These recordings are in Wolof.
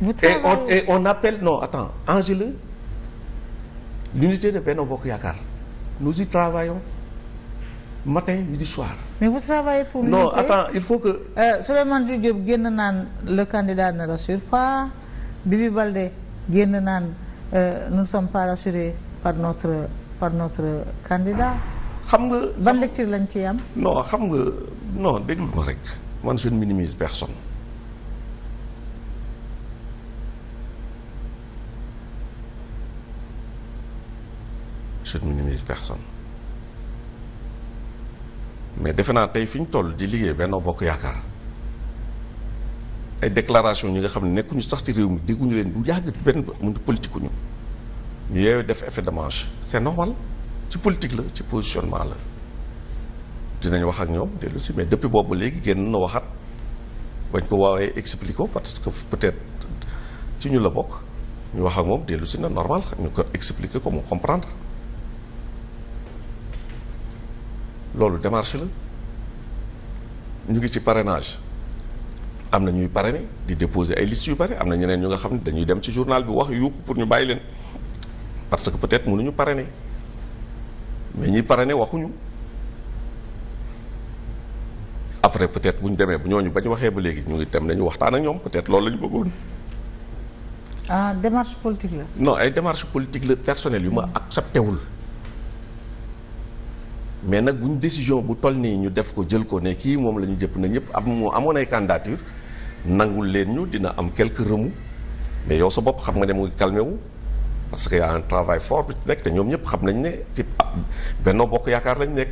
Vous et on et on appelle non attends enjeu l'unité de Benno Bokk Yaakaar nous y travaillons matin midi soir. mais vous travaillez pour. non attends il faut que. Euh, Souleymane Diop génn naan le candidat ne rassure pas Bibi Baldé génn naan euh, nous ne pas rassurés par notre par notre candidat. xam nga ban lecture lañ ci am. non xam nga non déglu ko rek man je ne minimise personne. je ne minimise personne mais defe naa tey fi ñu toll di liggéey benn Bokk Yaakaar ay déclaration ñi nga xam ne nekkuñu sax ci réew mi dégguñu leen bu yàgg benn mu politique ñu ñu yeewee def effet de manche c'est normal ci politique la ci positionnement la dinañ wax ak ñoom dellu si mais depuis boobu léegi génn na waxaat bañ ko waawee expliqué ko que peut-être ci ñu la bokk ñu wax ak moom dellu si na normal ñu ko expliquer ko mu comprendre loolu démarche la ñu ngi ci parenage am na ñuy parrainé di déposer ay listes yu bari am na ñeneen ñu nga xam ne dañuy dem ci journal bi wax yuuxu pour ñu bàyyi leen parce que peut-être mënuñu parrainé mais ñiy parrainé waxuñu après peut-être bu ñu demee bu ñooñu ba ñu waxee ba léegi ñu ngi dem nañu waxtaan ak ñoom peut-être loolu la ñu bëggoon. ah démarche politique la. non ay démarche politique la personnelle yu ma accepté wul. mais nag bu ñu décision bu toll nii ñu def ko jël ko ne kii moom la ñu jëpp nañ ñëpp am mu amoon ay candidature nangul leen ñu dina am quelques remous mais yow sa bopp xam nga ne mu ngi calmé wu parce que y a un travail fort bi nekk te ñoom ñëpp xam nañ ne ci Benno Bokk Yaakaar lañ nekk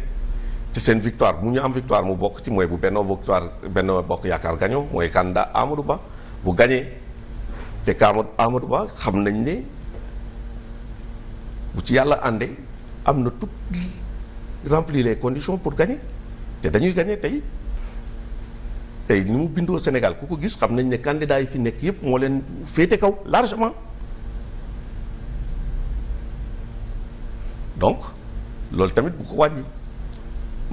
ci seen victoire bu ñu am victoire mu bokk ci mooy bu Benno victoire Benno Bokk Yaakaar gañoo mooy candidat Amadou Ba bu gañee te Amadou Amadou Ba xam nañ ne bu ci yàlla àndee am na tout remplit les conditions pour gagner te dañuy gagner tey tey ni mu bindoo Sénégal ku ko gis xam nañ ne candidat yi fi nekk yëpp moo leen féete kaw largement donc loolu tamit bu ko wàññi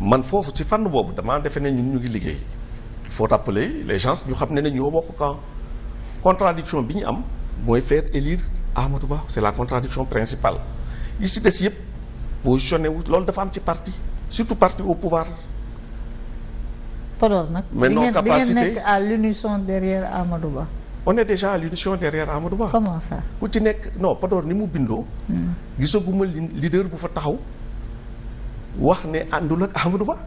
man foofu ci fànn boobu damaa defe nañ ñun ñu ngi liggéey il faut rappeler les gens ñu xam ne ne ñoo bokk camp contradiction bi ñu am mooy faire élire Amadou Ba c'est la contradiction principale yi des yëpp positionné wut loolu dafa am ci parti surtout parti au pouvoir. Podor nag. mais non capacité bi ngeen nekk à l'unisson derrière Amadou Ba. on est déjà à l'unisson derrière Amadou Ba. comment ça. ku ci nekk no Podor ni mu bindoo. Hmm. gisaguma leader bu fa taxaw wax ne àndul ak Amadou Ba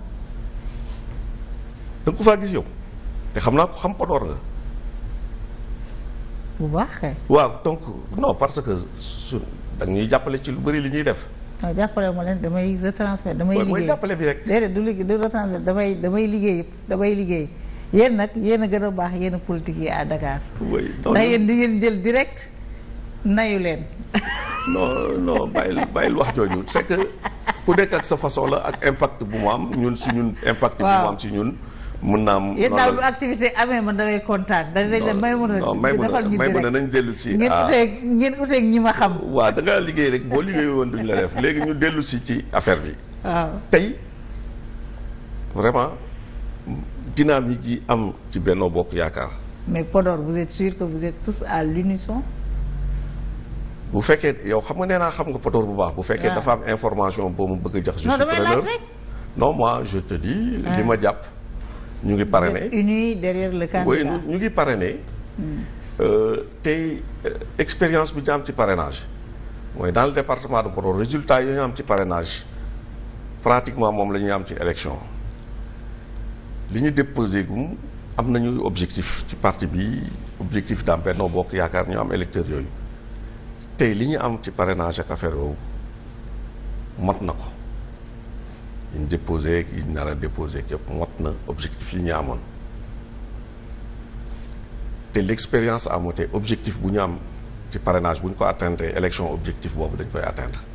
da nga ko faa gis yow te xam naa ko xam Podor nga. bu baax waaw donc non parce que su da ñuy jàppale ci lu bari li ñuy def. non jàppale ma leen damay retransmettre damay liggéey mooy bi rek déedéet du liggéey du retransmettre damay damay liggéey damay liggéey yéen nag yéen a gën a baax yéen a politique yi à Dakar ndax yéen di ngeen jël direct nayu leen non non bàyyil bàyyil wax jooju c'est que ku nekk ak sa façon la ak impact bu mu am ñun si ñun impact bu mu am si ñun mun naa am yéen daal bu activité amee man damay kontaan. dañ leen may mun a defal ñu may mun a si. Ah. ngeen uteeg ñi ma xam. waaw da ngaa liggéey rek boo liggéey woon duñ la def léegi ñu dellu si ci affaire bi. waaw tey vraiment dynamique yi am ci Benno Bokk Yaakaar. mais Podor vous êtes sûr que vous êtes tous à l'unisson bu fekkee yow xam nga nee xam nga Podor bu baax. bu fekkee ah. dafa am information boo mu bëgg a jox. je suis non damay laaj rek. non moi je te li ah. ma jàpp. ñu ngi parrainé unis derrière le candidat ñu ngi parrainé hmm. euh, tey euh, expérience bi ñu am ci parrainage mooy dans le département de poro résultat yi ñu am ci parrainage pratiquement moom la ñuy am ci élection li ñu déposé gum am nañu objectif ci parti bi objectif daam Benno Bokk Yaakaar ñu am électeurs yooyu tey li ñu am ci parrainage ak affaire mat na ko yi ñu déposé ak yi nar yëpp mot na objectif yi ñu amoon te lexpérience expérience amote objectif bu ñu am ci parrainage bu ñu ko atteindre élection objectif boobu dañ koy atteindre